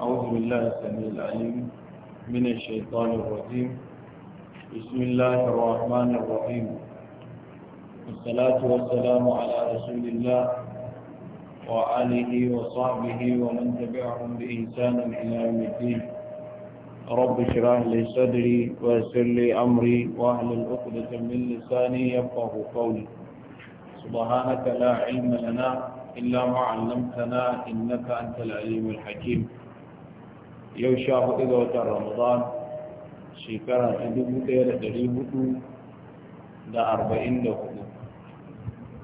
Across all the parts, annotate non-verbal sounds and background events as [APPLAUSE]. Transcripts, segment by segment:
أعوذ بالله السميع العليم من الشيطان الرجيم بسم الله الرحمن الرحيم والصلاة والسلام على رسول الله وآله وصحبه ومن تبعهم بإنسان إلى يوم الدين رب اشرح لي صدري ويسر لي أمري واحلل عقدة من لساني يفقه قولي سبحانك لا علم لنا إلا ما علمتنا إنك أنت العليم الحكيم yau sha hudu ga watan ramadan shekara ta dubu ɗaya da dari hudu da arba'in da hudu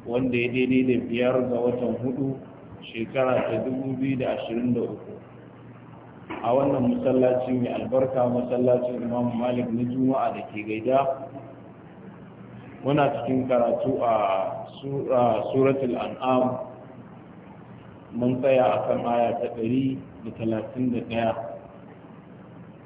wanda ya daidai da biyar ga watan hudu shekara ta dubu biyu da ashirin da uku a wannan masallaci mai albarka masallacin imam malik na juma'a da ke gaida muna cikin karatu a suratul an'am mun tsaya a kan aya ta ɗari da talatin da ɗaya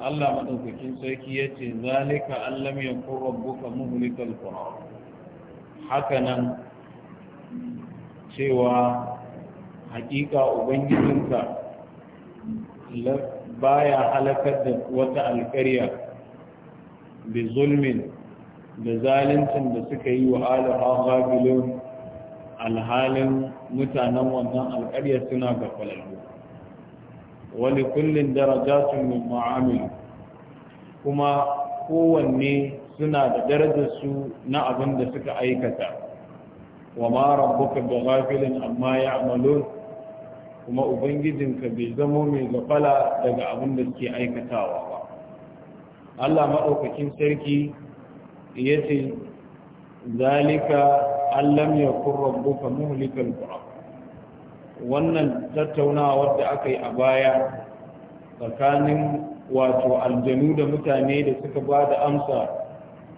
Allah maɗaukakin sarki ya ce zalika allam yankun rabbuka muhlikal Haka hakanan cewa hakika ubangijinka baya halakar da wata alƙarya da zulmin da zalincin da suka yi wa alaha gafilun alhalin mutanen wannan alƙaryar suna ga falallu wani kullum darajatun min mu'amil kuma kowanne suna da darajarsu na abin da suka aikata wa ma rabbuka da ghafilin amma ya'malun kuma ubangijinka bai zamo mai gafala daga abin da suke aikatawa ba Allah maɗaukakin sarki ya ce zalika an lam yakun rabbuka muhlikal qura wannan tattaunawa da aka yi a baya tsakanin wato aljanu da mutane da suka ba da amsa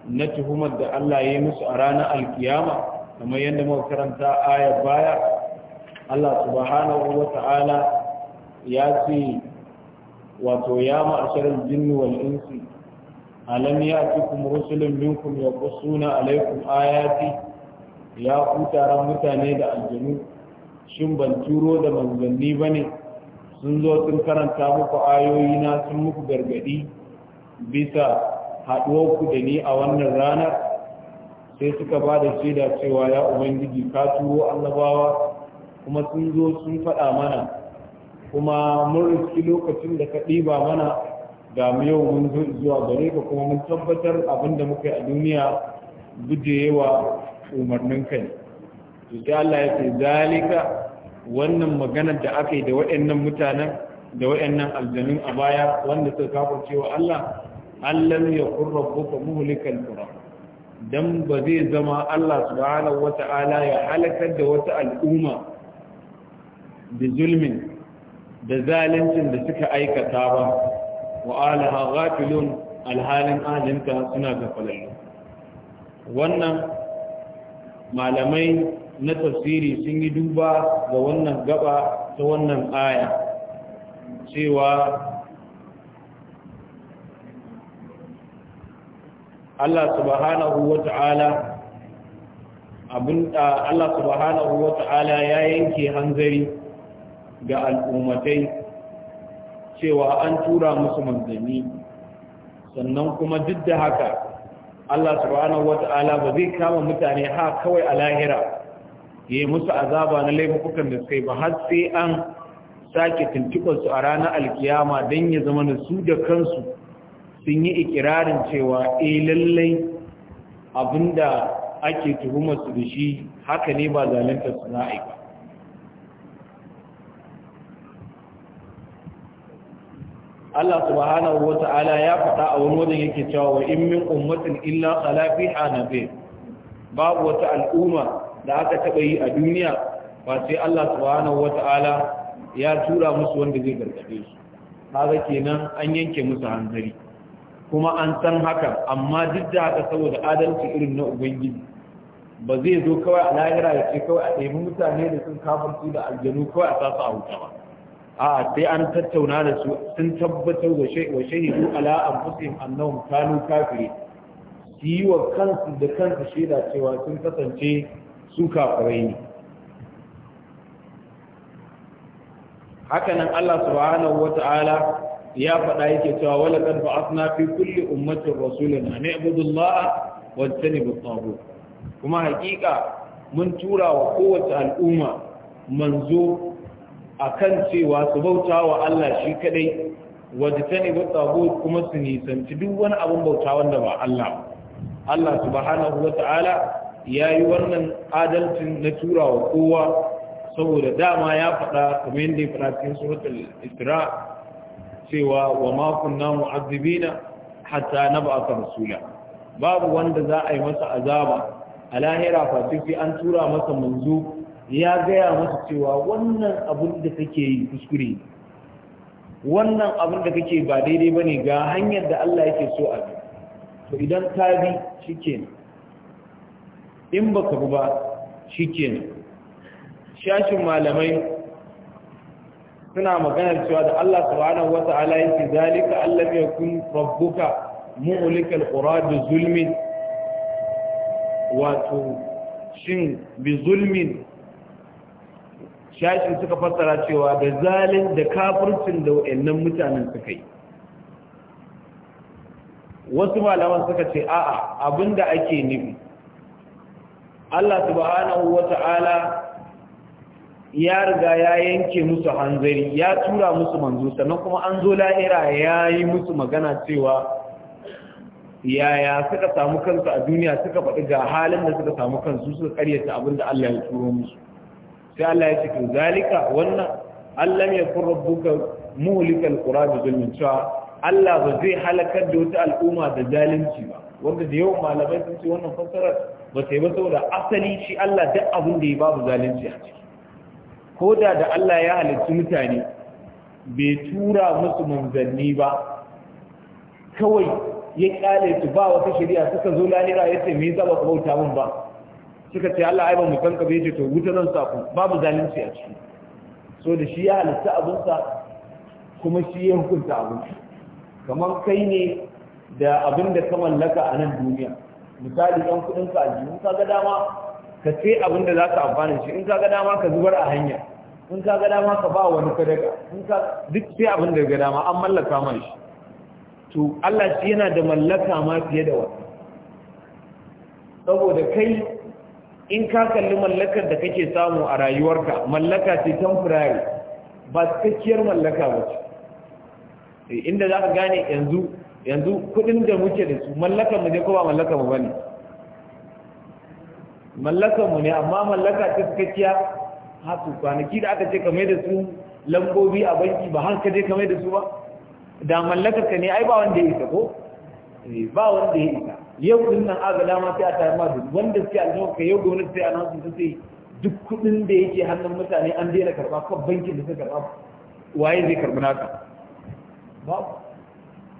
na tuhumar da Allah ya yi musu a ranar alkiyama kamar yadda muka karanta aya baya Allah subhanahu wa ta'ala ya ce wato ya ma'asharar jinni wal insi alam ya'tikum rusulun minkum yaqussuna alaykum ayati ya kutara taron mutane da aljanu shin ban turo da manzanni ba ne sun zo sun karanta muku ayoyi na sun muku gargadi bisa haɗuwarku da ni a wannan ranar sai suka ba da shaida cewa ya ubangiji ka turo annabawa kuma sun zo sun faɗa mana kuma mun riski lokacin da ka ɗiba mana ga mu yau mun zo zuwa gare ka kuma mun tabbatar abin da muka yi a duniya gujewa umarnin kai to sai Allah ya ce zalika wannan maganar da aka yi da waɗannan mutanen da waɗannan aljanun a baya wanda suka kafa cewa Allah Allah ya kurra buka muhlikal qura dan ba zai zama Allah subhanahu wata'ala ya halakar da wata al'umma da zulmin da zalincin da suka aikata ba wa alaha ghafilun alhalin alinta suna gafalallu wannan malamai na tafsiri sun yi duba ga wannan gaba ta wannan aya cewa Allah subhanahu wa ta'ala Allah subhanahu wa ya yanke hanzari ga al'ummatai cewa an tura musu manzanni sannan kuma duk da haka Allah subhanahu wata'ala ba zai kama mutane ha kawai a lahira ya yi musu azaba na laifukan da suka yi ba har sai an sake tuntubarsu su a ranar alkiyama don ya zama da su da kansu sun yi ikirarin cewa e lallai abinda ake tuhumar su da shi haka ne ba zalunta su aika Allah subhanahu wata'ala ya faɗa a wani wajen yake cewa wa in min ummatin illa Salafi fiha babu wata al'umma da aka taɓa yi a duniya ba sai Allah subhanahu wata'ala ya tura musu wanda zai gargaɗe su kaga kenan an yanke musu hanzari kuma an san haka amma duk da haka saboda adalci irin na ubangiji ba zai zo kawai a lahira ya ce kawai a ɗebi mutane da sun su da aljanu kawai a sasa a wuta ba a sai an tattauna da su sun tabbatar wa shahidu ala anfusihim annahum kanu kafiri su yi wa kansu da kansu shaida cewa sun kasance su kafirai ne hakanan Allah subhanahu wata'ala ya faɗa yake cewa wala qad ba'athna fi kulli ummatin rasulan an i'budu Allah wa tanibu tabu kuma hakika mun tura wa kowace al'umma manzo akan cewa su bauta wa Allah shi kadai wajtani wa tagut kuma su nisanci duk wani abin bauta wanda ba Allah Allah subhanahu ya yayi wannan adalcin na tura wa kowa saboda dama ya faɗa kamar yadda ya faɗa cikin suratul Isra cewa wa ma kunna mu'azzibina hatta nab'atha rasula babu wanda za a yi masa azaba a lahira fa an tura masa manzo ya gaya masa cewa wannan abin da kake yi kuskure wannan abin da kake ba daidai ba ne ga hanyar da Allah yake so a bi to idan ka bi shikenan in baka bi ba shikenan shashin malamai suna maganar cewa da Allah subhanahu wata'ala yake zalika allam yakun rabbuka mu'likal qura bi zulmin wato shin bi zulmin shashi suka fassara cewa da zalin da kafircin da wa'annan mutanen suka yi wasu malaman suka ce a'a abinda ake nufi Allah subhanahu wata'ala ya riga ya yanke musu hanzari ya tura musu manzo sannan kuma an zo lahira ya yi musu magana cewa yaya suka samu kansu a duniya suka faɗi ga halin da suka samu kansu suka karyata abin da Allah ya tura musu sai Allah ya ce zalika wannan Allah ya kun rabbuka muhlika alqura bi zulmin cewa Allah ba zai halakar da wata al'umma da zalunci ba wanda da yawan malamai sun ce wannan fassarar ba sai ba saboda asali shi Allah duk abin da ya babu zalunci a ciki ko da da Allah ya halittu mutane bai tura musu manzanni ba kawai ya kyale su ba wata shari'a suka zo lalira ya ce me yasa ba ku bauta min ba suka ce Allah ai ba mu san ka bai to wuta zan sa ku babu zalunci a ciki so da shi ya halitta abun sa kuma shi ya hukunta abun kamar kai ne da abin da ka mallaka a nan duniya misali ɗan kuɗin ka in ka ga dama ka ce abin da za ka amfana shi in ka ga dama ka zubar a hanya in ka ga dama ka ba wani sadaka in ka duk sai abin da ga dama an mallaka mai shi to Allah shi yana da mallaka ma fiye da wani saboda kai in ka kalli mallakar da kake samu a rayuwarka mallaka ce temporary ba cikakkiyar mallaka ba ce eh, inda za ka gane yanzu yanzu kudin da muke da su mallakar mu ne ko ba mallakar mu bane mallakar mu ne amma mallaka ce cikakkiya hatu kwanaki da aka ce ka mai da su lambobi a banki ba har ka je ka mai da su ba da mallakar ka ne ai ba wanda ya isa ko eh, ba wanda ya isa yau din nan ga ma sai a tare ma duk wanda suke aljihun ka yau gwamnati sai an su sai duk kuɗin da yake hannun mutane an daina karɓa kan bankin da suka karɓa waye zai karɓi naka ba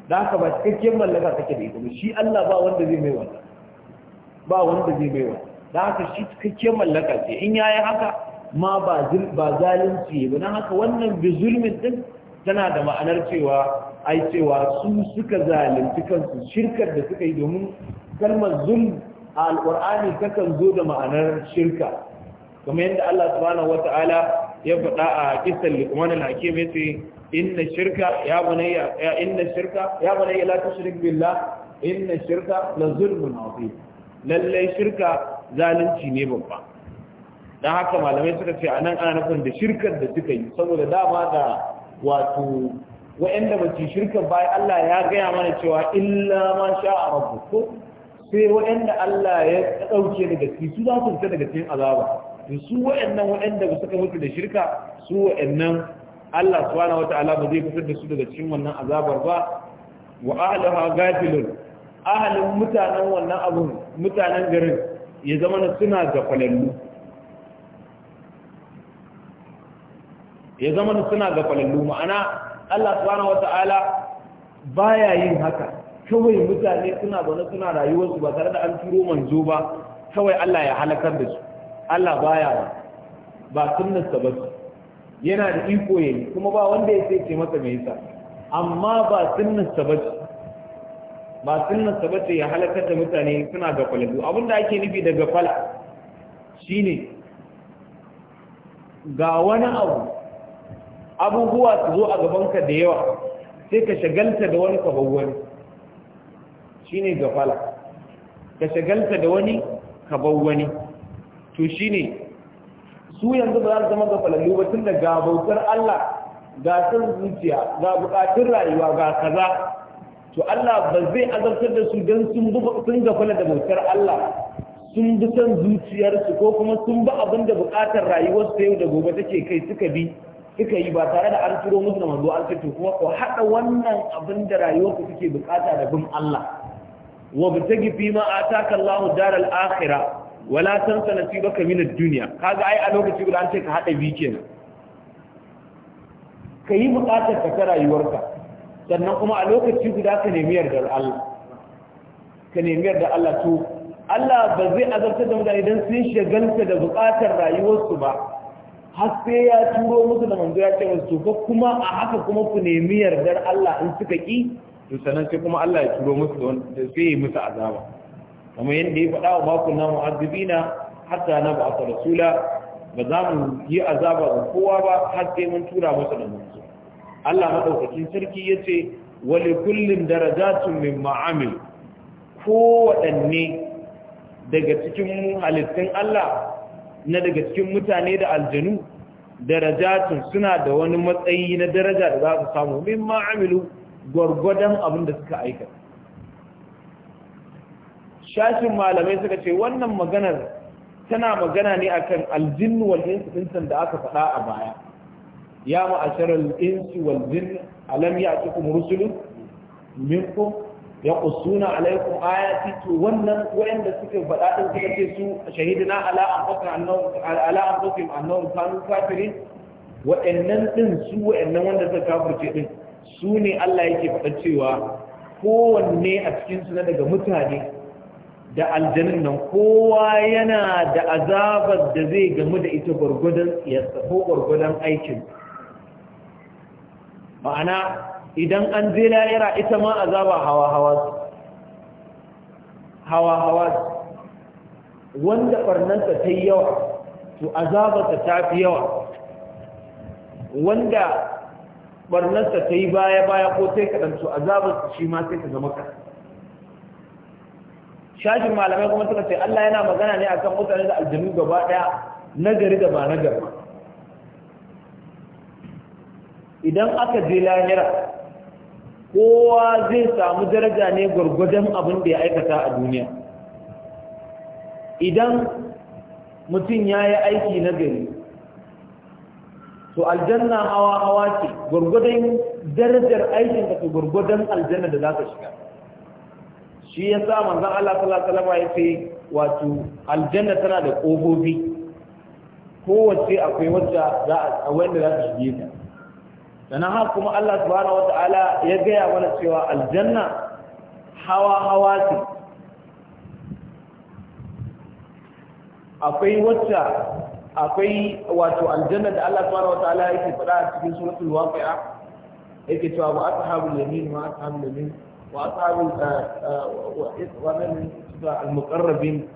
da haka ba cikakken mallaka take da ita ba shi Allah ba wanda zai mai wanda ba wanda zai mai wanda da haka shi cikakken mallaka ce in yayi haka ma ba zalunci ba dan haka wannan bi zulmin din tana da ma'anar cewa ai cewa su suka zalunci kansu shirkar da suka yi domin kalmar zulm a alƙur'ani takan zo da ma'anar shirka kamar yadda Allah subhanahu wata'ala ya faɗa a kisan liqman al-hakim yace inna shirka ya bunayya inna shirka ya bunayya la tushrik billah inna shirka la zulmun azim lalle shirka zalunci ne babba dan haka malamai suka ce anan ana nufin da shirkar da suka yi saboda dama da wato wa'anda ba ci shirka bayan Allah ya gaya mana cewa illa ma sha a rabu ko sai wa'anda Allah ya ɗauke daga ciki su za su fita daga cikin azaba to su wa'annan wa'anda ba suka mutu da shirka su wa'annan Allah subhanahu wata'ala ba zai fitar da su daga cikin wannan azabar ba wa ahliha gafilun ahalin mutanen wannan abun mutanen garin ya zama na suna gafalallu ya zama na suna gafalallu ma'ana Allah subhanahu ta'ala baya yin haka kawai mutane suna zaune suna rayuwarsu ba tare da an turo manzo ba kawai Allah ya halakar da su Allah baya ba ba sa ba yana da iko yayi kuma ba wanda ya sai ce masa me yasa amma ba sa ba ba sunnarsa ba ce ya halakar da mutane suna ga falalu abinda ake nufi da gafala shine ga wani abu abubuwa su zo a gabanka da yawa sai ka shagalta da wani kaban wani ne gafala ka shagalta da wani kaban wani to ne. su yanzu ba za su zama gafalallu ba tun da ga bautar Allah ga san zuciya ga bukatun rayuwa ga kaza to Allah ba zai azabtar da su don sun gafala da bautar Allah sun bi son zuciyarsu ko kuma sun bi abin da bukatar rayuwarsu yau da gobe take kai suka bi suka yi ba tare da an turo musu da manzo an fito kuma ko hada wannan abin da rayuwarku suke bukata da bin Allah wa bitagi fi ma ataka Allahu daral akhirah wala tansa nasibaka min ad-dunya kaga ai a lokaci guda an ce ka hada bi kenan yi bukatar ka ta rayuwarka sannan kuma a lokaci guda ka nemi yardar Allah ka nemi yardar Allah to Allah ba zai azabtar da mutane dan sun shagalta da bukatar rayuwarsu ba har sai ya turo musu da manzo ya ce wasu to kuma a haka kuma ku nemi yardar Allah in suka ki to sanan sai kuma Allah ya turo musu da sai ya musu azaba kamar yadda ya faɗa wa makon na mu'azzibina hatta na ba a rasula ba za mu yi azaba ga kowa ba har sai mun tura musu da manzo Allah madaukakin sarki ya ce wa li kullin darajatun min ma'amil ko waɗanne daga cikin halittun Allah na daga cikin mutane da aljanu darajatun suna da wani matsayi na daraja da za su samu min amilu gwargwadon abin da suka aika shashin malamai suka ce wannan maganar tana magana ne akan aljin wal insu da aka faɗa a baya ya ma'asharar insu wal jin alam cikin rusulun minkum ya qusuna alaikum ayati to wannan wayanda suka faɗa din suka ce su shahidina ala anfusina annahum ala annahum kanu kafirin waɗannan din su wanda suka kafirce din su ne Allah yake faɗa cewa kowanne a cikin su na daga mutane da aljanun nan kowa yana da azabar da zai gamu da ita gwargwadon ya ko gwargwadon aikin ma'ana idan an je la'ira ita ma azaba hawa-hawa hawa-hawa wanda ɓarnanta ta yi yawa to azabarsa ta fi yawa wanda ɓarnanta ta yi baya-baya ko sai kaɗan to azabarsa shi ma sai ka zama ka shashin malamai kuma suka ce Allah yana magana ne akan mutane da aljanu gaba ɗaya nagari da ba nagari idan aka je lahira kowa zai samu daraja ne gwargwadon abin da ya aikata a duniya idan mutum ya yi aiki na gari to aljanna hawa hawa ce gwargwadon darajar aikin ka gwargwadon aljanna da za ka shiga shi ya sa manzan Allah sallallahu ya ce wato aljanna tana da ƙofofi kowace akwai wacce za a wanda za ta shige ta sannan haka kuma Allah subhanahu wata'ala ya gaya mana cewa aljanna hawa hawa ce akwai wacce akwai wato aljanna da Allah subhanahu wata'ala yake fada a cikin suratul waqi'a yake cewa wa ashabul yamin wa ashabul yamin wa ashabul wa wa man al-muqarrabin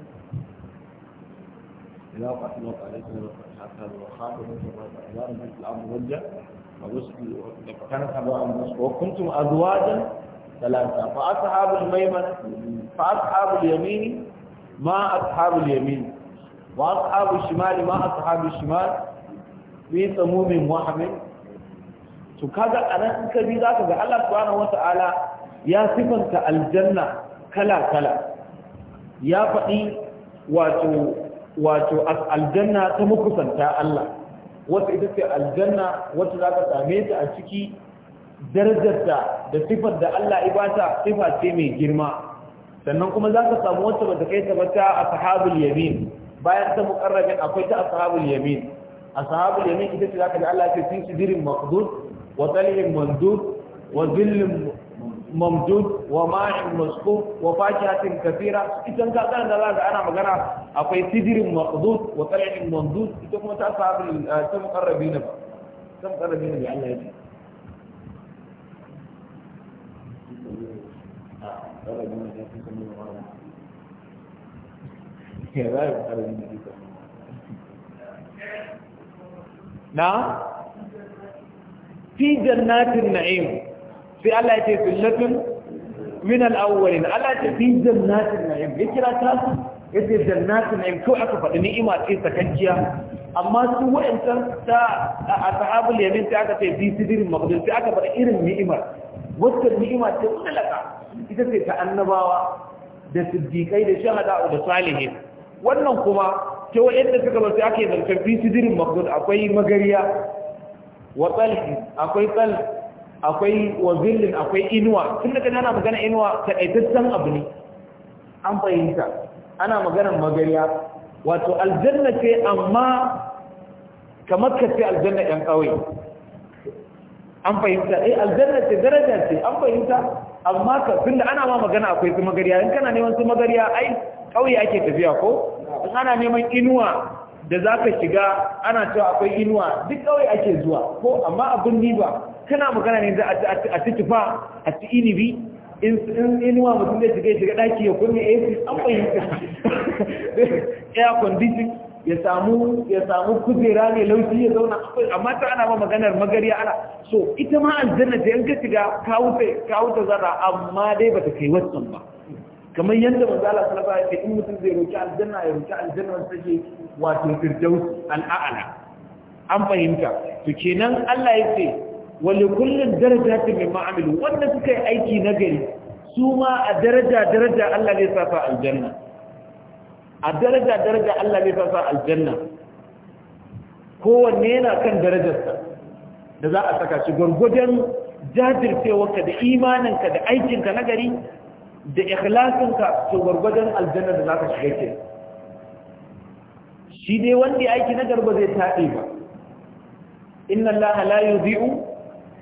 إذا wa الوقع عليكم وقع الحسن وخاطر wa أعلان في الأرض رجع وكنتم أزواجا ثلاثة فأصحاب الميمنة فأصحاب اليمين ما أصحاب اليمين وأصحاب الشمال ما أصحاب الشمال في سموم وحم تكذا أنا كبي ذاك الله سبحانه وتعالى يا صفنك الجنة كلا كلا يا فقي واتو واتو الجنة تمكسنتا الله wata ita ce aljanna wata za ka same ta a ciki darajarta da sifar da Allah ibata sifa ce mai girma sannan kuma za ka samu wata bata kai ta bata a sahabul yamin bayan ta mukarrabin akwai ta ashabul yamin ashabul yamin ita ce za ka da Allah ya ce sun sidirin maqdud wa talhin mandud wa zillin mamdud wa ma'in masku wa fakihatin kafira idan ka da ana magana akwai sidirin maqdud wa tal'in mamdud ita kuma ta sahabul eh, ta muqarrabin ba ta muqarrabin Allah ya na fi jannatin na'im sai Allah ya ce sunnatun min al-awwalin Allah ya ce fi jannatin na'im ya kira ta su ya ce jannatin na'im ko aka faɗi ni'ima ce sakanciya amma su wa'ancan ta a sahabul yamin sai aka ce fi sidirin maqdus sai aka faɗi irin ni'imar wacce ni'ima ce kullaka ita ce ta annabawa da siddiƙai da shahada da salihin wannan kuma ta wa'anda suka ba sai ake zancen fi sidirin maqdus akwai magariya wa talhi akwai talhi akwai wazilin akwai inuwa tun da kana ana magana inuwa taƙaitaccen abu ne an fahimta ana magana magariya wato aljanna ce amma kamar ka ce aljanna ɗan kawai. an fahimta eh aljanna ce daraja ce an fahimta amma ka tun da ana ma magana akwai su magariya in kana neman su magariya ai ƙauye ake tafiya ko in ana neman inuwa da za ka shiga ana cewa akwai inuwa duk ƙauye ake zuwa ko amma abin ni ba kana magana ne a ciki fa a ci inibi in inuwa mutum zai shiga shiga daki ya kunye ac an fahimta [LAUGHS] air condition ya samu ya samu kujera ne lauci ya zauna amma ta ana ba maganar magariya ana so ita ma aljanna ta yanka shiga ka wuce ka wuce zara amma dai bata kai wannan ba kamar yadda manzo Allah sallallahu alaihi wasallam in mutum zai roki aljanna ya roki aljanna wanda take wato firdaus al'ala an fahimta to kenan Allah ce. wani kullum daraja ta mai ma'amilu wanda suka yi aiki na gari su ma a daraja daraja Allah ne sa sa aljanna a daraja daraja Allah ne sa sa aljanna kowanne yana kan darajarsa da za a saka shi gwargwadon jajircewarka da imaninka da aikinka na gari da ikhlasinka to gwargwadon aljanna da za ka shiga ke shi dai wanda aiki na garba zai taɗe ba inna allaha la yudhi'u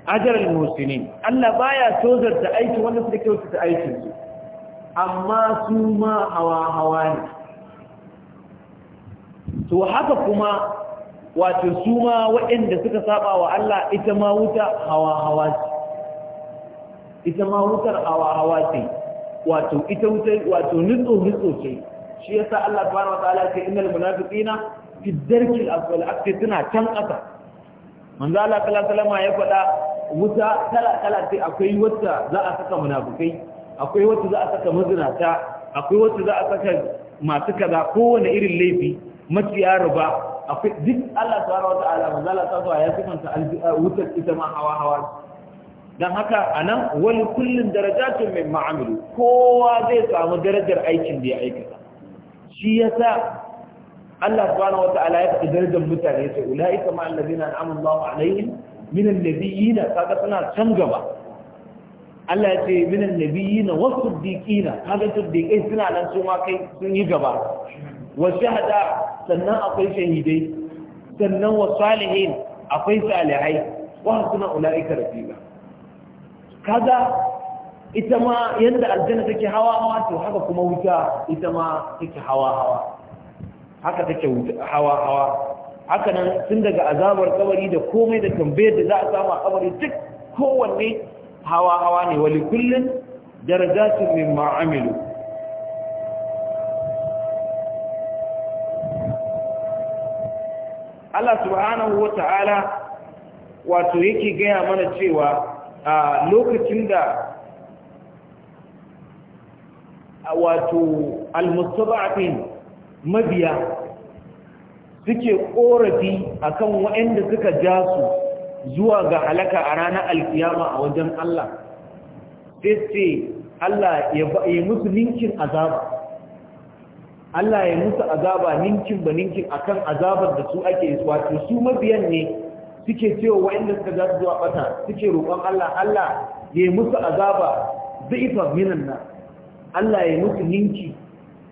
ajaral muhsinin Allah baya ta aikin wanda suka kyautata aikin su amma su ma hawa hawa ne to haka kuma wato su ma waɗanda suka saba wa Allah ita ma wuta hawa hawa ce ita ma wutar hawa hawa ce wato ita wuta wato nutso nutso ce shi ya sa Allah subhanahu wa ta'ala ya ce innal munafiqina fi darkil asfal akti suna can ƙasa manzo Allah sallallahu alaihi wasallam ya faɗa wuta kala kala sai akwai wata za a saka munafukai akwai wata za a saka mazinata akwai wata za a saka masu kaza kowane irin laifi maciya riba akwai duk Allah subhanahu wataala manzo Allah ta zuwa ya sifanta uh, wutar ita ma hawa hawa Don haka nan wani kullun darajatun mai ma'amilu kowa zai samu darajar aikin da ya aikata shi yasa Allah subhanahu wataala ya faɗi darajar mutane sai ulaika ma allazina an'ama Allahu alaihim minan na kaga suna can gaba Allah ya ce minan na wasu diƙina kaga tuddiƙai suna nan su ma kai sun yi gaba wa shahada sannan akwai shahidai sannan wa salihin akwai salihai wa suna ula'ika rafiqa kaga ita ma yanda aljanna take hawa hawa to haka kuma wuta ita ma take hawa hawa haka take hawa hawa haka nan tun daga azabar kabari da komai da tambayar da za a samu a kabari duk kowanne hawa hawa ne wali kullun darajatu min ma'amilu Allah subhanahu wa ta'ala wato yake gaya mana cewa a lokacin da wato al mabiya suke korafi akan waɗanda suka ja su zuwa ga halaka a ranar alkiyama a wajen Allah sai ce Allah ya musu ninkin azaba Allah ya musu azaba ninkin ba ninkin a kan azabar da su ake wato su mabiyan ne suke cewa waɗanda suka ja su zuwa bata suke roƙon Allah Allah ya musu azaba zaifa minan nan Allah ya musu ninki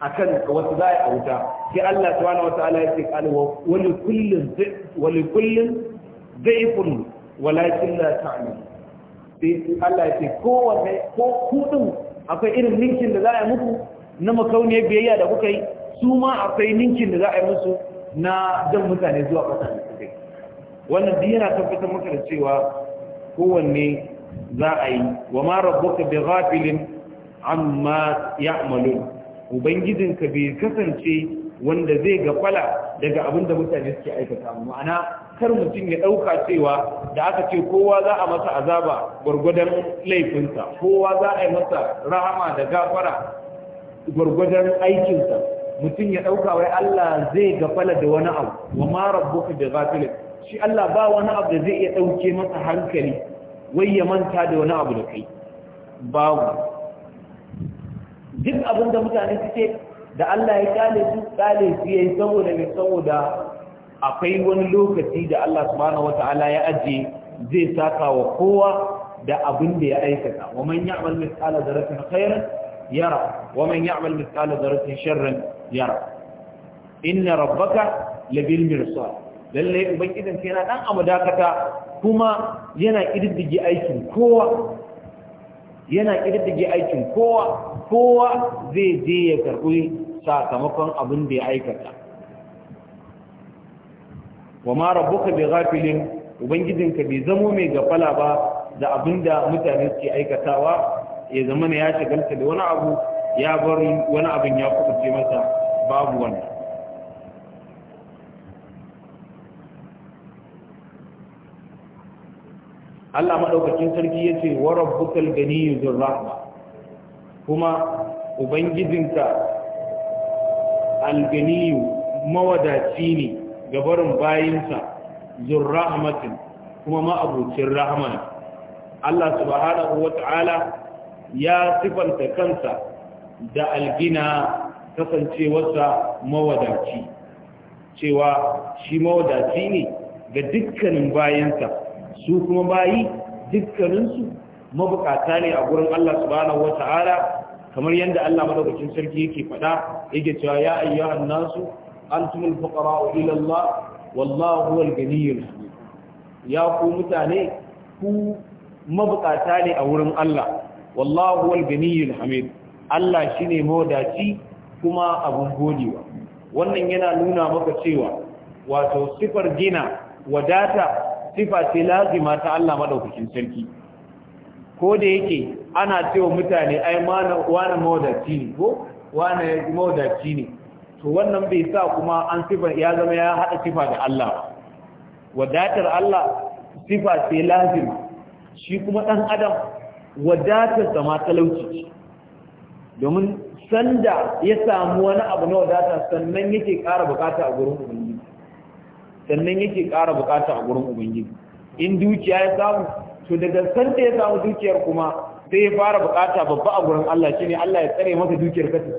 akan wasu za a wuta sai Allah subhanahu wataala ya ce qala wa li kullin wa li kullin dhaifun walakin la ta'lam sai Allah ya ce kowanne ko kudin akwai irin ninkin da za a yi muku na makauniyar biyayya da kuka yi su ma akwai ninkin da za a yi musu na jan mutane zuwa ƙasa da suka wannan duk yana tabbatar maka da cewa kowanne za a yi wa ma rabbuka bi ghafilin amma ya'malun ubangijinka bai kasance wanda zai gafala daga abin da mutane suke aikata ma'ana kar mutum ya ɗauka cewa da aka ce kowa za a masa azaba gwargwadon laifinsa kowa za a yi masa rahama da gafara gwargwadon aikinsa mutum ya ɗauka wai Allah zai gafala da wani abu wa ma rabbuka da ghafilin shi Allah ba wani abu da zai iya ɗauke masa hankali wai ya manta da wani abu da kai babu duk abin mutane suke da Allah ya kyale su kyale su yayi saboda ne saboda akwai wani lokaci da Allah subhanahu wataala ya aje zai saka wa kowa da abin da ya aikata wa man ya'mal mithqala dharratin khairan yara wa man ya'mal mithqala dharratin sharran yara inna rabbaka labil mirsad lalle ubangidan sai yana dan amadakata kuma yana kididdige aikin kowa yana kididdige aikin kowa kowa zai je ya karɓi sakamakon abin da ya aikata wa ma rabbuka bi ghafilin ubangijinka bai zamo mai gafala ba da abin da mutane suke aikatawa ya zama ya shagalta da wani abu ya bar wani abin ya kubuce masa babu wani Allah maɗaukacin sarki ya ce wa rabbukal ganiyyu dhur rahma kuma ubangijinka alganiyu mawadaci ne ga barin bayinsa zur rahmatin kuma ma'abucin rahman Allah subhanahu wata'ala ya sifanta kansa da algina kasancewarsa mawadaci cewa shi mawadaci ne ga dukkanin bayansa su kuma bayi dukkaninsu mabukata ne a gurin Allah subhanahu wata'ala kamar yadda Allah madaukakin sarki yake faɗa yake cewa ya ayyuhan nasu antumul fuqara'u ila Allah wallahu huwal ganiyyul hamid ya ku mutane ku mabukata ne a wurin Allah wallahu huwal ganiyyul hamid Allah shine modaci kuma abun godewa wannan yana nuna maka cewa wato sifar gina wadata sifa ce lazima ta Allah madaukakin sarki ko da yake ana cewa mutane ai wani mawadaci ne ko wani mawadaci ne to wannan bai sa kuma an sifa ya zama ya haɗa sifa da Allah wadatar Allah sifa sai lazim shi kuma ɗan adam wadatar sama talauci domin sanda ya samu wani abu na wadata sannan yake ƙara bukata a gurin ubangiji sannan yake ƙara bukata a gurin ubangiji in dukiya ya samu to daga san da ya samu dukiyar kuma sai ya fara bukata babba a gurin Allah shine Allah ya tsare masa dukiyar kasa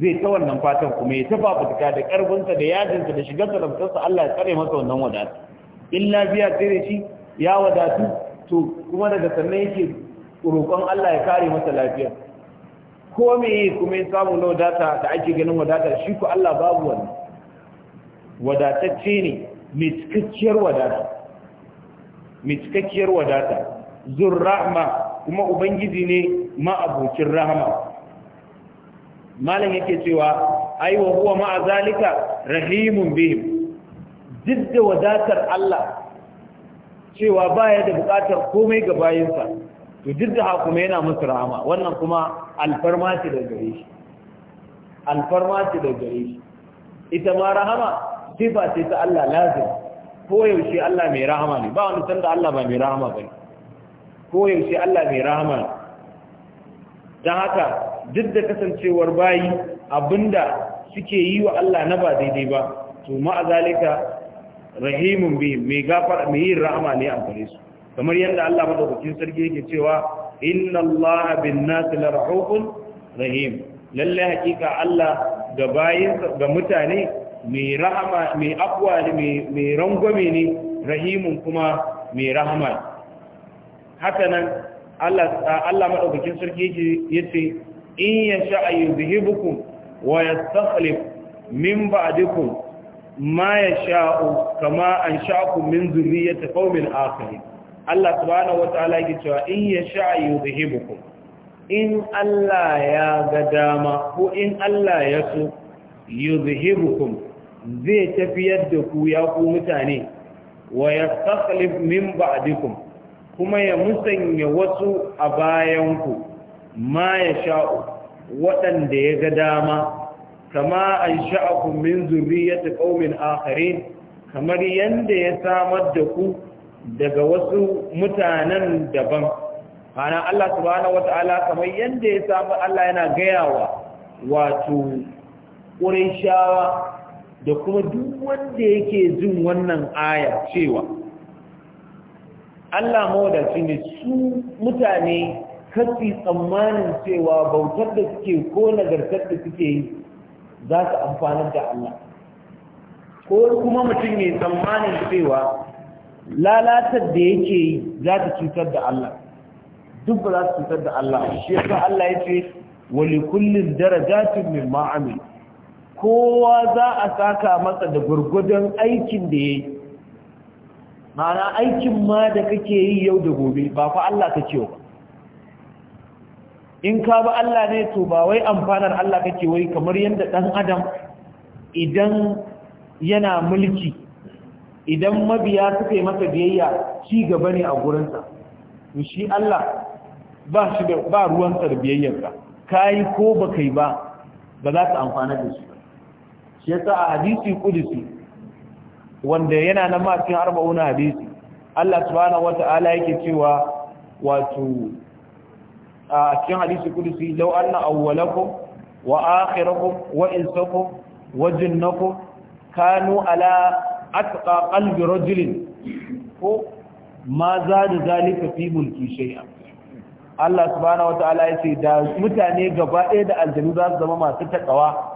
zai ta wannan fatan kuma ya tafa fitaka da karfinsa da yajinsa da shigarsa da fitarsa Allah ya tsare masa wannan wadatu in lafiya tsere shi ya wadatu to kuma daga sannan yake roƙon Allah ya kare masa lafiya ko me kuma ya samu na wadata da ake ganin wadata shi ku Allah babu wannan wadatacce ne mai cikakkiyar wadata mai cikakkiyar wadata zur rahma kuma ubangiji ne ma'abokin rahama malam yake cewa ai wa huwa ma'a zalika rahimun bihim duk da wadatar Allah cewa baya da bukatar komai ga bayinsa to duk da haka kuma yana musu rahama wannan kuma alfarma ce da gare shi alfarma ce da gare shi ita ma rahama sifa ce ta Allah lazim koyaushe Allah mai rahama ne ba wani sanda Allah ba mai rahama ba ne koyaushe Allah mai rahama ne don haka duk da kasancewar bayi abinda suke yi wa Allah na ba daidai ba to ma'azalika rahimun bi mai gafar mai yin rahama ne a gare su kamar yadda Allah madaukakin sarki yake cewa inna Allah bin nasi rahim lalle hakika Allah ga bayinsa ga mutane mai rahama mai abuwa mai rangwame ne rahimun kuma mai rahama haka nan Allah maɗaukakin sarki ya ce in ya sha'ayi zuhibukum wa ya tsakhalif min ba a ba'dikum ma ya sha'u kama an sha'akum min zurriyyati min akharin Allah subhanahu wataala yake cewa in ya sha'a sha'ayi zuhibukum in Allah ya ga dama ko in Allah ya su so yuzhibukum zai tafiyar da ku ya ku mutane wa yastakhlif min ba'dikum kuma ya musanya wasu a bayanku ma ya sha'u waɗanda ya ga dama kama an sha'akum min zurriyyati qaumin akharin kamar yanda ya samar da ku daga wasu mutanen daban ana Allah subhanahu wata'ala kamar yanda ya samar Allah yana gayawa wato ƙurin shawa da kuma duk wanda yake jin wannan aya cewa Allah mawadaci ne su mutane kafi tsammanin cewa bautar da suke ko nagartar da suke yi za su amfanar da Allah ko kuma mutum mai tsammanin cewa lalatar da yake yi za ta cutar da Allah duk ba za su cutar da Allah shi yasa Allah ya ce wa likullin darajatin min ma'amil kowa za a saka masa da gurgudun aikin da ya yi ma'ana aikin ma da kake yi yau da gobe ba fa Allah ka ce ba in ka ba Allah ne to ba wai amfanar Allah kake wai kamar yadda ɗan adam idan yana mulki idan mabiya suka yi masa biyayya ci gaba ne a gurinsa shi Allah ba shi da ba ruwan tarbiyyarka kai ko ba yi ba ba za ka amfana da shi shi yasa a hadisi kudusi wanda yana nan ma cikin arba'una hadisi Allah subhanahu wata'ala yake cewa wato a cikin hadisi kudusi law anna awwalakum wa akhirakum wa insakum wa jinnakum kanu ala atqa qalbi rajulin ko ma za da zalika fi mulki shay'a Allah subhanahu wata'ala yace da mutane gaba ɗaya da aljanu za su zama masu takawa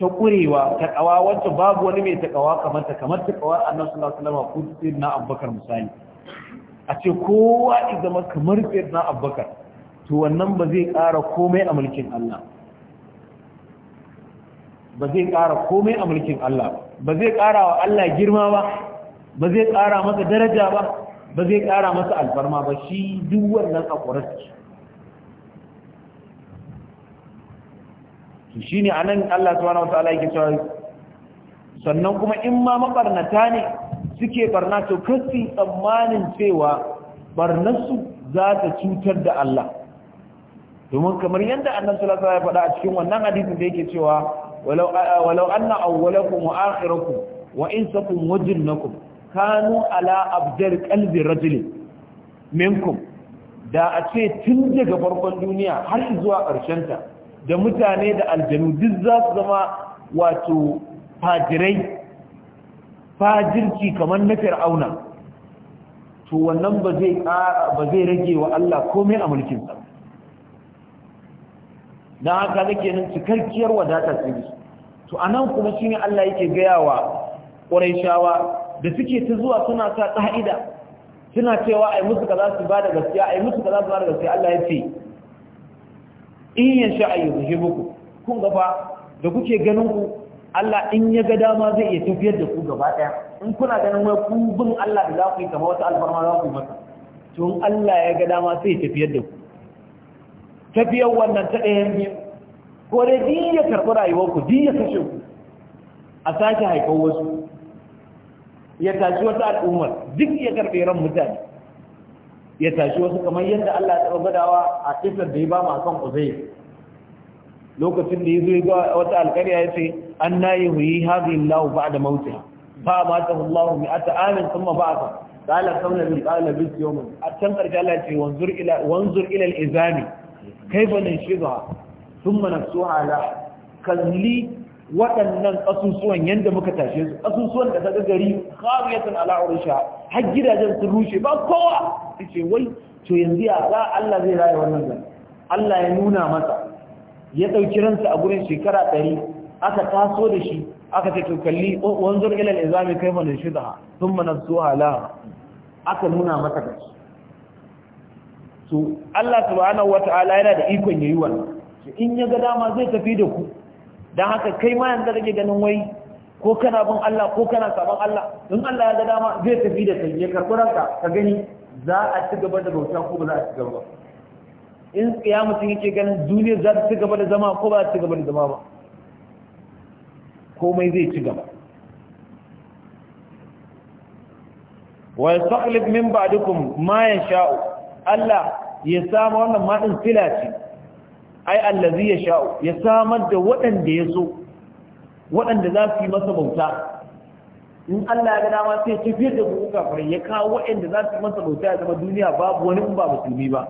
ta ƙurewa ta ƙawa wacce babu wani mai ta ƙawa kamar ta kamar ta kawa a nan sallallahu alaihi ko sirri na abubakar misali a ce kowa ya zama kamar sirri na abubakar to wannan ba zai ƙara komai a mulkin Allah ba zai ƙara komai a mulkin Allah ba zai kara wa Allah girma ba ba zai ƙara masa daraja ba ba zai ƙara masa alfarma ba shi duk wannan a ƙwararsa to shine anan Allah subhanahu wataala yake cewa sannan kuma in ma mabarnata ne suke barna to kasi tsammanin cewa barnarsu za ta cutar da Allah domin kamar yadda annabi sallallahu alaihi wasallam ya faɗa a cikin wannan hadisin da yake cewa walau walau anna awwalakum wa akhirakum wa insakum na kanu ala abdar qalbi rajulin minkum da a ce tun daga farkon duniya har zuwa ƙarshen ta da mutane da aljanu duk za su zama wato fajirai fajirci kamar na fir'auna to wannan ba zai ba zai rage wa Allah komai a mulkin sa Na haka nake nan cikakkiyar wadata ce to anan kuma shine Allah yake gayawa Qurayshawa da suke ta zuwa suna ta ƙa'ida suna cewa ai musu kaza su ba da gaskiya ai musu kaza su ba da gaskiya Allah ya ce in ya sha ku? kun gaba da kuke ganin ku Allah in ya ga dama zai iya tafiyar da ku gaba ɗaya. in kuna ganin wai ku bin Allah da za ku yi kama wata alfarma za ku yi masa to in Allah ya ga dama sai ya tafiyar da ku tafiyar wannan ta ɗaya biyu ko dai din ya karɓi rayuwar ku din ya kashe ku a sake haifar wasu ya tashi wata al'ummar duk ya karɓe ran mutane ya tashi wasu kamar yadda Allah ya taɓa gadawa a kisar da ya ba akan Uzair lokacin da ya zo ga wata alƙarya ya ce an na yi huyi hazi Allah ba da mauti. ba ma ta Allah mi ata amin sun ma ba ka qala kawna bil qala bil yawm a can karshe Allah ya ce wanzur ila wanzur ila al izami kayfa nanshiga thumma kalli waɗannan asusuwan yadda muka tashe su Asusuwan da daga gari khawiyatan ala ursha har gidajen sun rushe ba kowa ce wai to yanzu ya za Allah zai raye wannan gari Allah ya nuna masa ya ɗauki ransa a gurin shekara ɗari aka taso da shi aka ce to kalli wanzur ila al-izami kayfa nashudha mana nasuha la aka nuna masa gashi to Allah subhanahu wata'ala yana da ikon yayi wannan in ya ga dama zai tafi da ku don haka kai ma yanzu rage ganin wai ko kana bin Allah ko kana saban Allah in Allah ya ga dama zai tafi da kai ya karɓi ranka ka gani za a ci gaba da bauta ko ba za a ci gaba in ya mutum yake ganin duniya za ta ci gaba da zama ko ba za ta ci gaba da zama ba komai zai ci gaba wa yastakhlif min ba'dikum ma yasha'u Allah ya samu wannan madin filaci ai allazi ya sha'u ya samar da waɗanda ya so waɗanda za su yi masa bauta in Allah ya ga dama sai ya tafiyar da ku kafirai ya kawo waɗanda za su yi masa bauta ya zama duniya babu wani in ba musulmi ba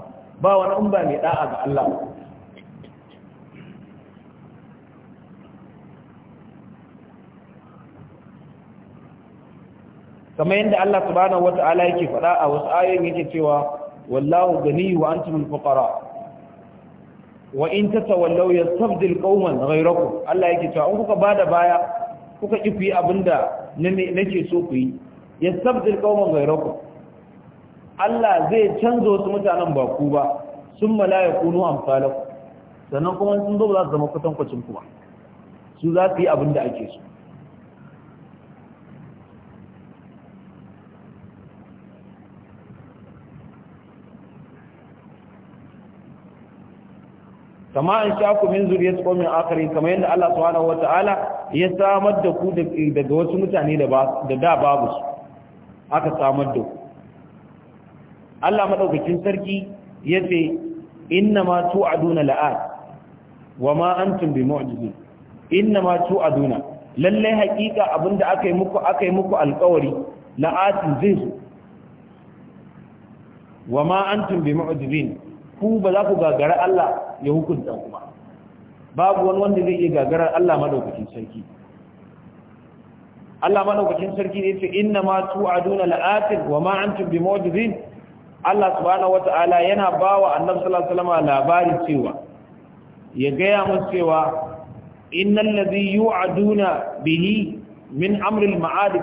ba wani in ba mai da'a ga Allah kamar yadda Allah subhanahu wata'ala yake faɗa a wasu ayoyin yake cewa wallahu gani wa antumul fuqara wa in ya sabdil qauman ghayrakum Allah yake cewa in kuka bada baya kuka ki yi abinda nake so ku yi sabdil qauman ghayrakum Allah zai canza wasu mutanen ba ku ba sun malaya kunu amsalaku sannan kuma sun zo za su zama kwatankwacin kuma su za su yi abin da ake so kama an sha ku min zuriyat qaumin akharin kamar yadda Allah subhanahu wataala ya samar da ku daga wasu mutane da da da babu su aka samar da ku Allah madaukakin sarki yace inna ma tu'aduna la'at wa ma antum bimu'jizin inna ma tu'aduna lalle haƙiƙa abinda aka yi muku aka yi muku alƙawari la'at zai wa ma antum bimu'jizin ku ba za ku gagara Allah ya hukunta kuma babu wani wanda zai iya gagarar Allah madaukakin sarki Allah madaukakin sarki ne yace inna ma tu'aduna la'atin wa ma antum bimu'jizin Allah subhanahu wata'ala yana bawa Annabi sallallahu alaihi wasallam labari cewa ya gaya musu cewa innal ladhi yu'aduna bihi min amri al-ma'ad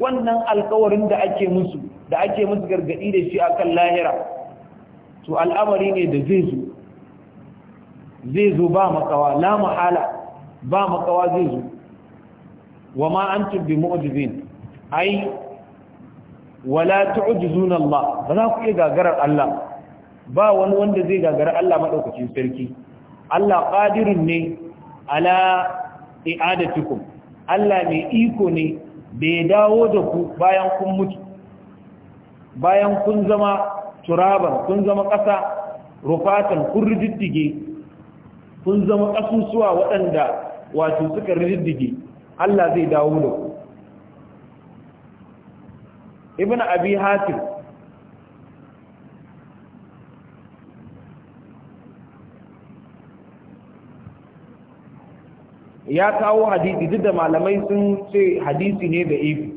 wannan alƙawarin da ake musu da ake musu gargadi da shi akan lahira to al'amari ne da zai zo zai zo ba makawa la mahala ba makawa zai zo wa ma antum bi mu'jizin ai wala tu'jizuna Allah ba za ku iya gagarar Allah ba wani wanda zai gagara Allah madaukakin sarki Allah qadirun ne ala i'adatikum Allah mai iko ne bai dawo da ku bayan kun mutu bayan kun zama turaban kun zama ƙasa rufatan kun rididdige kun zama ƙasusuwa waɗanda wato suka rididdige Allah zai dawo da ku ibn abi hatim ya kawo hadisi duk da malamai sun ce hadisi ne da ifi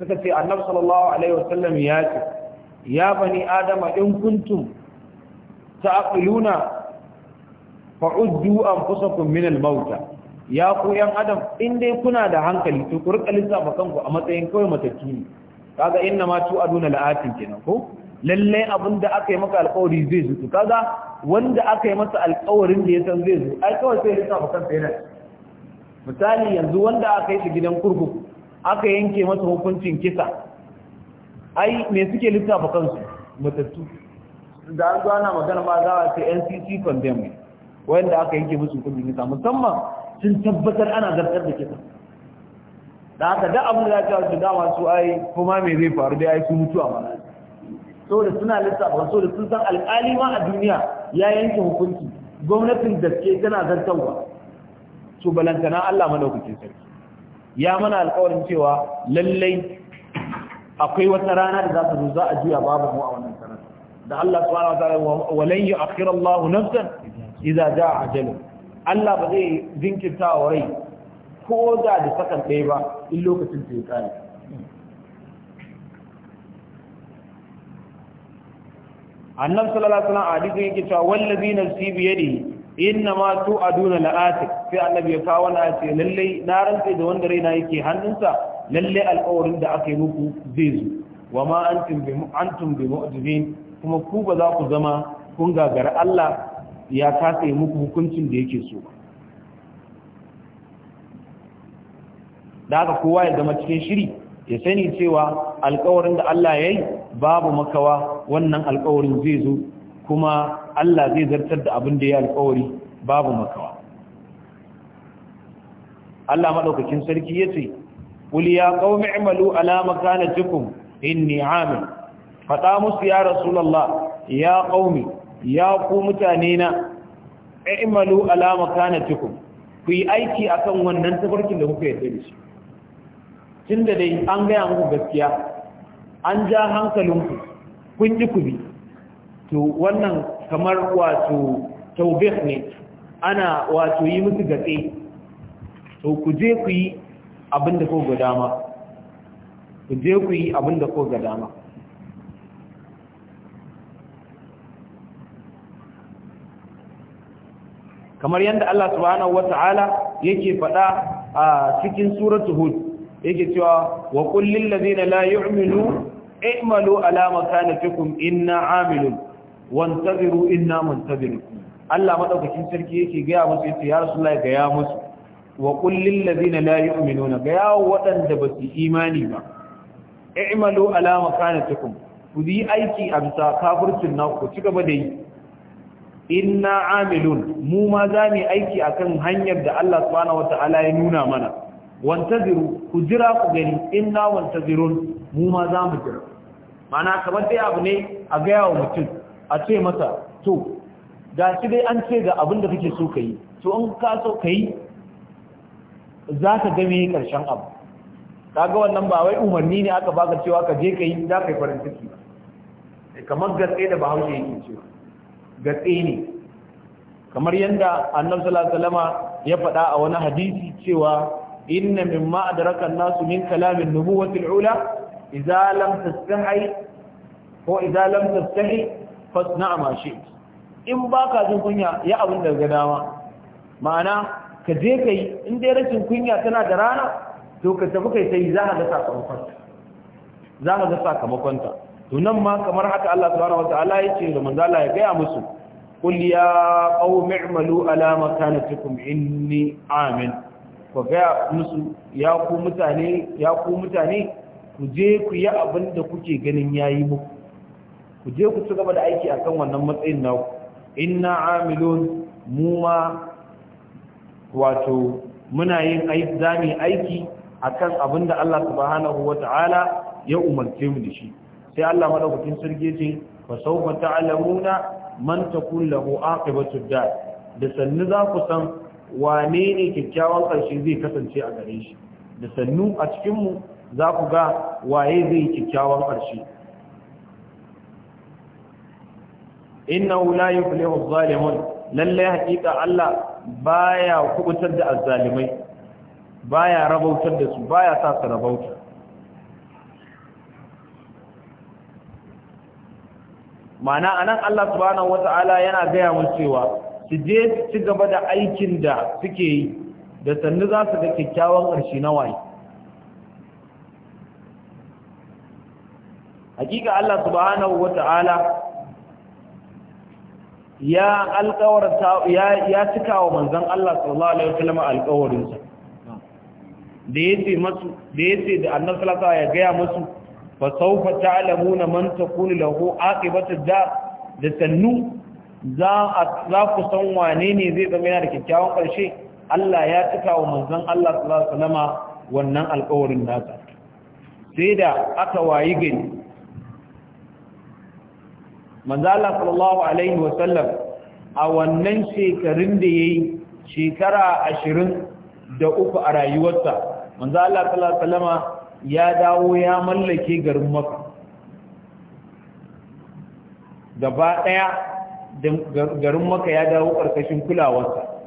suka ce annabi sallallahu alaihi wasallam ya ce ya bani adama in kuntum ta'qiluna fa'uddu anfusakum min al-mauta ya ku yan adam in dai kuna da hankali to ku rika lissafa kanku a matsayin kawai matattu kaga inna ma tu aduna la'atin kenan ko lalle abinda aka yi maka alƙawari zai zo to kaga wanda aka yi masa alƙawarin da ya san zai zo ai kawai sai lissafa kansa yana misali yanzu wanda aka yi shi gidan kurkuku aka yanke masa hukuncin kisa ai me suke littafa kansu matattu da an zuwa na magana ba za a ce ncc condemn wanda aka yanke musu hukuncin kisa musamman sun tabbatar ana zartar da kisa da haka da abin da za su dama su ai kuma me zai faru dai ai su mutu a mana saboda suna so saboda sun san alƙali ma a duniya ya yanke hukunci gwamnatin gaske tana zartarwa to balantana Allah madaukakin sarki ya mana alƙawarin cewa lallai akwai wata rana da za ta zo za a juya babu mu a wannan sanar da Allah subhanahu wa ta'ala walan yu'akhir Allah nafsan idza jaa ajalu Allah ba zai jinkirta wa rai ko da da sakan ɗaya ba in lokacin ta ya kare annabi sallallahu alaihi wasallam hadisi yake cewa wallazi nafsi bi yadihi inna ma tu'aduna la'atik sai annabi ya kawo na ce lalle na rantsa da wanda raina yake hannunsa lalle alƙawarin da aka yi muku zai zo wa ma antum bi mu'jizin kuma ku ba za ku zama kun gagara Allah ya kasa muku hukuncin da yake so da haka kowa ya zama cikin shiri ya sani cewa alƙawarin da Allah ya yi babu makawa wannan alƙawarin zai zo kuma Allah zai zartar da abin da ya alƙawari babu makawa Allah maɗaukakin sarki ya ce قل يا قوم اعملوا على مكانتكم اني عامل فتا مس يا رسول الله يا قومي يا قوم تانينا اعملوا على مكانتكم في ايكي akan wannan tafarkin da kuka yarda shi tunda dai an ga muku gaskiya an ja hankalinku kun ji kubi to wannan kamar wato tawbih ne ana wato yi musu gatse to ku je ku yi abin da ko ga dama ku je ku yi abin da ko ga dama kamar yadda Allah subhanahu wata'ala yake faɗa a cikin suratul hud yake cewa wa qul lil ladina la yu'minu i'malu ala makanatikum inna 'amilun wantaziru inna muntaziru Allah madaukakin sarki yake ga musu yace ya rasulullahi ga ya musu wa kullin ladina la yu'minuna ga yawo waɗanda ba su imani ba i'malu ala makanatikum ku yi aiki a bisa kafircin naku ku ci gaba da yi inna amilun mu ma za mu aiki akan hanyar da Allah subhanahu wataala ya nuna mana wantaziru ku jira ku gani inna wantazirun mu ma za mu jira mana kamar dai abu ne a ga yawo mutum a ce masa to ga shi dai an ce ga abin da kake so ka yi to in ka so ka yi za ka gami karshen abu kaga wannan ba wai umarni ne aka baka cewa ka je ka yi za ka yi farin ciki ba eh, kamar gatse da bahaushe yake cewa gatse ne kamar yadda annabi sallallahu alaihi wasallama ya faɗa a wani hadisi cewa inna mimma adraka an-nasu min kalamin nubuwati al-ula idza lam tastahi ko idza lam tastahi fasna shi in baka jin kunya ya abin da ga dama ma'ana ka je ka yi in rashin kunya tana da rana to ka tafi kai sai za ka ga sakamakonta za ka ga sakamakonta to nan ma kamar haka Allah subhanahu wataala ya da manzo Allah ya gaya musu qul ya qaumi i'malu ala makanatikum inni amin ko ga musu ya ku mutane ya ku mutane ku je ku yi abin da kuke ganin yayi muku ku je ku ci gaba da aiki akan wannan matsayin naku inna amilun mu ma wato muna yin aiki zami aiki akan abin da Allah subhanahu Ta'ala ya umarce mu da shi sai Allah madaukakin sarki ce fa sawfa ta'lamuna man takun lahu aqibatu dar da sannu za ku san wane ne kyakkyawan karshe zai kasance a gare shi da sannu a cikin mu za ku ga waye zai kyakkyawan karshe innahu la yuflihu adh-dhalimun lalle haqiqa Allah baya kubutar da azzalimai baya rabautar da su baya sa su rabauta mana anan Allah subhanahu wata'ala yana gaya mun cewa su je ci gaba da aikin da suke yi da sannu za su ga kyakkyawan ƙarshe na waye hakika Allah subhanahu wata'ala ya alƙawarta ya ya cika wa manzon Allah sallallahu alaihi wasallam alƙawarin sa da yace masu da yace da annabi sallallahu alaihi wasallam ya ga masu fa sawfa ta'lamuna man takunu lahu aqibatu dar da sannu za a za ku san wane ne zai zama yana da kyakkyawan ƙarshe Allah ya cikawa wa manzon Allah sallallahu alaihi wasallam wannan alƙawarin nasa sai da aka wayi gani manzo Allah sallallahu alaihi sallam a wannan shekarun da yayi shekara 23 da uku a rayuwarsa manzo Allah sallallahu alaihi ya dawo ya mallake garin Makka gaba daya garin Makka ya dawo karkashin kulawarsa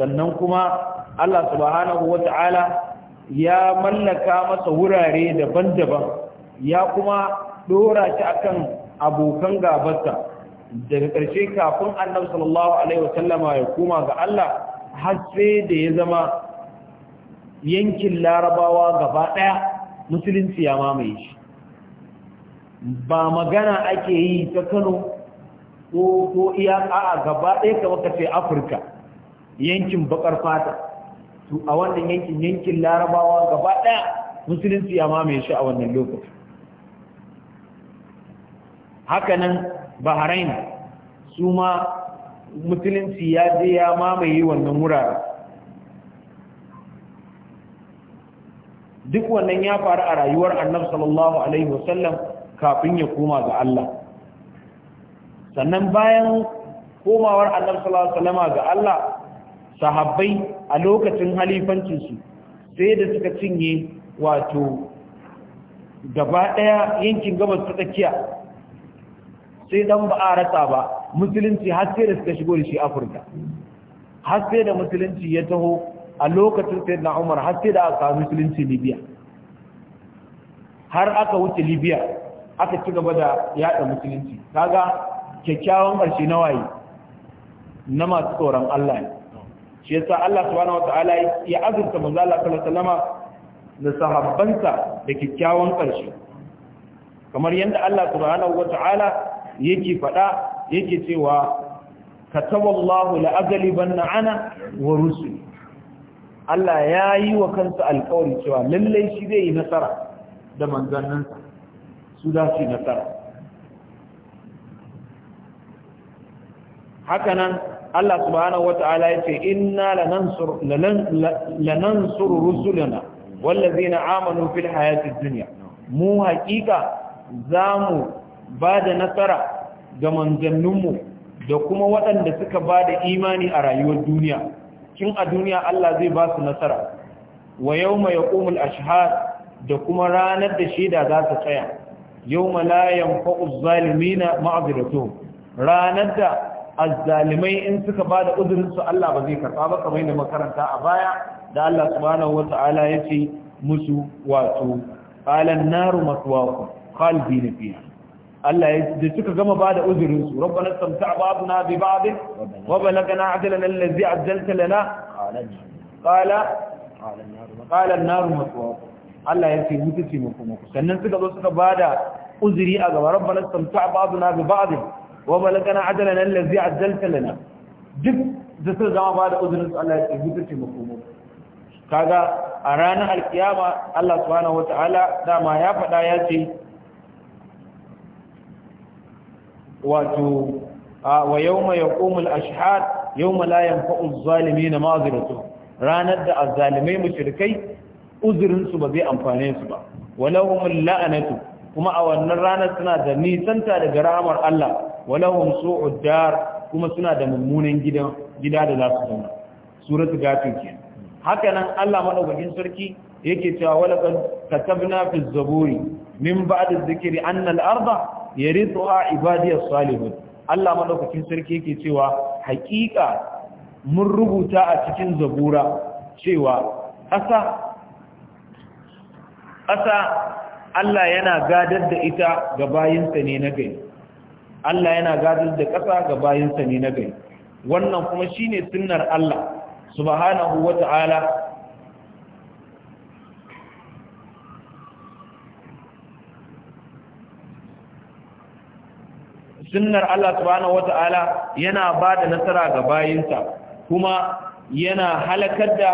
sannan kuma Allah subhanahu wata'ala ya mallaka masa wurare daban-daban ya kuma dora shi akan abokan gabarsa daga ƙarshe kafin annab sallallahu alaihi wasallama ya koma ga Allah har sai da ya zama yankin larabawa gaba ɗaya musulunci ya mamaye shi ba magana ake yi ta kano ko ko iya a gaba ɗaya kamar ka ce afirka yankin bakar fata to a wannan yankin yankin larabawa gaba ɗaya musulunci ya mamaye shi a wannan lokacin hakanan bahrain su ma musulunci ya je ya mamaye wannan wurare duk wannan ya faru a rayuwar annabi sallallahu alaihi wasallam kafin ya koma ga Allah sannan bayan komawar annabi sallallahu alaihi wasallama ga Allah sahabbai a lokacin halifancinsu sai da suka cinye wato gaba ɗaya yankin gabas ta tsakiya sai dan ba a rasa ba musulunci har sai da suka shigo da shi afirka har sai da musulunci ya taho a lokacin sai na umar har sai da aka musulunci libya har aka wuce libya aka ci gaba da yada musulunci kaga kyakkyawan ƙarshe na waye na masu tsoron allah ne shi yasa allah subhanahu wataala ya azurta manzo allah sallallahu alaihi da sahabbansa da kyakkyawan ƙarshe kamar yadda allah subhanahu wataala yake faɗa yake cewa kataballahu la'agaliban ana wa rusuli Allah ya yi wa kansa alkawari cewa lallai shi zai yi nasara da manzanninsa su za su yi nasara hakanan Allah subhanahu wata'ala ya ce inna lanansur rusulana wallazina amanu fil hayatid duniya. mu haƙiƙa mu. ba da nasara ga manzanninmu da kuma waɗanda suka ba da imani a rayuwar duniya kin a duniya Allah zai ba su nasara wa yau mai yaƙumul ashhad da kuma ranar da shaida za ta tsaya yau malayan fa'uz na ma'azirato ranar da azzalimai in suka ba da uzurinsu Allah ba zai karɓa ba kamar da makaranta a baya da Allah subhanahu Ta'ala ya ce musu wato qalan naru maswaqu khalidina fiya.' Allah ya da suka gama ba da uzurin su rabbana samta ba'duna bi ba'd wa balagana ajalana allazi ajjalta lana qala qala an-nar Allah ya ce wuta ce muku muku sannan suka zo suka ba uzuri a gaba rabbana samta ba'duna bi ba'd wa balagana ajalana allazi ajjalta lana duk da suka gama bada da uzurin su Allah ya ce wuta ce muku muku kaga a ranar alkiyama Allah subhanahu wataala dama ya faɗa ya ce wato wa yawma yaqumul ashhad yawma la yanfa'u adh-dhalimin ma'ziratu ranar da azzalimai mushrikai uzurin su ba zai amfane su ba walahum la'anatu kuma a wannan ranar suna da nisanta daga rahamar Allah walahum su'ud dar kuma suna da mummunan gida gida da za su zauna suratul ghafir kenan haka nan Allah madaukakin sarki yake cewa walaqad katabna fi zaburi min ba dhikri anna al-ardha yari a ibadiyar salihun Allah madaukakin sarki yake cewa haƙiƙa mun rubuta a cikin zabura cewa ƙasa ƙasa Allah yana gadar da ita ga bayinsa ne na gari Allah yana gadar da ƙasa ga bayinsa ne na gari wannan kuma shine sunnar Allah subhanahu wata'ala sunnar Allah subhanahu wata'ala yana ba da nasara ga bayinsa kuma yana halakar da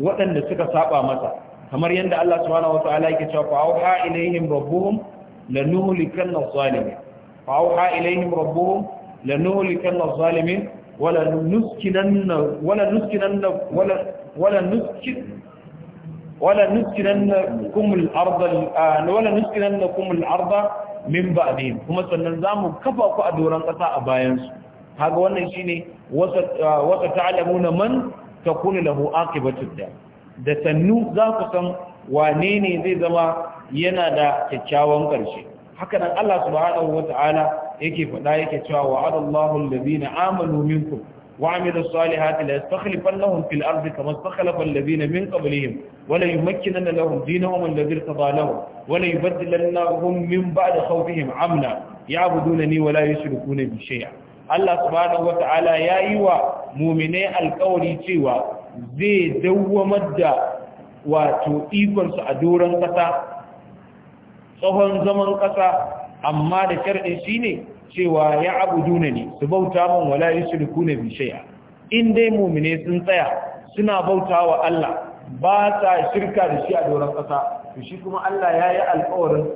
waɗanda suka saba masa kamar yadda Allah subhanahu wata'ala yake cewa fa auha ilaihim rabbuhum lanuhlikanna adh-dhalimin fa auha ilaihim rabbuhum lanuhlikanna adh-dhalimin wala nuskinanna wala nuskinanna wala wala nuskin min ba'dihim kuma sannan za mu kafa ku a doron ƙasa a bayansu. Haga wannan wannan shine wata wasa ah, na man kuni lahu aqibatud da da sannu za ku san wane ne zai zama yana da kyakkyawan ƙarshe. haka nan Allah subhanahu ta'ala yake faɗa yake cewa wa'adallahu allazina amanu minkum وعملوا الصالحات ليستخلفنهم في الأرض كما استخلف الذين من قبلهم وليمكنن لهم دينهم الذي ارتضى لهم وليبدلنهم من بعد خوفهم عملا يعبدونني ولا يشركون بي شيئا Allah subhanahu wata'ala ya yi wa muminai alkawari cewa zai dawwamar da wato ikonsu a doron ƙasa tsohon zaman ƙasa amma da sharɗin shi ne cewa ya abuduna ne su bauta min wala yushrikuna bi shay'a in dai mu'mine sun tsaya suna bautawa Allah ba sa shirka da shi a doron ƙasa, to shi kuma Allah ya yi alƙawarin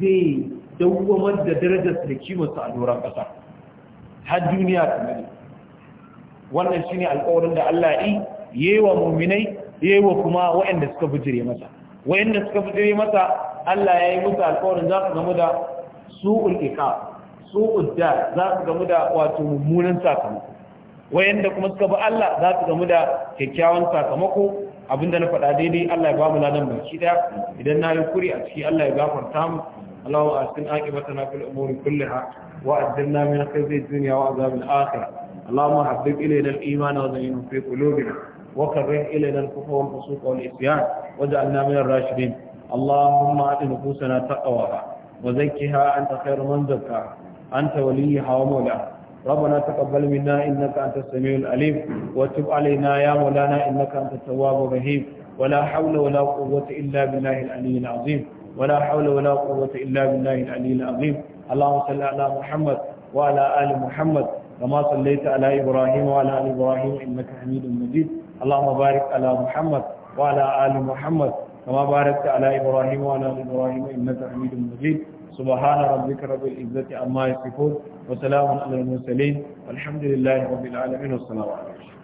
zai dawwamar da darajar da kimarsa a doron ƙasa. har duniya ta gani wannan ne alƙawarin da Allah yi yewa mu'minai yewa kuma waɗanda suka bijire masa waɗanda suka bijire masa Allah ya yi musu alƙawarin za su gamu da su'ul iqab su'ud za su gamu da wato mummunan sakamako wayanda kuma suka bi Allah za su gamu da kyakkyawan sakamako abinda na faɗa daidai Allah ya ba mu ladan baki daya idan na yi kuri a ciki Allah ya gafarta mu Allah wa asin aki mata na fil umuri kulliha wa addinna min khizyi dunya wa azab al akhir Allahumma habbib ilayna al iman wa zayyin fi qulubina wa karrih ilayna al kufra wa fusuq wal isyan waj'alna min ar rashidin Allahumma atina nufusana taqwa wa zakkiha anta khairu man zakkaha أنت وليها ومولاها ربنا تقبل منا إنك أنت السميع العليم وتب علينا يا مولانا إنك أنت التواب الرحيم ولا حول ولا قوة إلا بالله العلي العظيم ولا حول ولا قوة إلا بالله العلي العظيم اللهم صل على محمد وعلى آل محمد كما صليت على إبراهيم وعلى آل إبراهيم إنك حميد مجيد اللهم بارك على محمد وعلى آل محمد كما باركت على إبراهيم وعلى آل إبراهيم إنك حميد مجيد subhana rabbika rabbil izzati amma yasifun wa salamun alal mursalin walhamdulillahi rabbil alamin wassalamu alaikum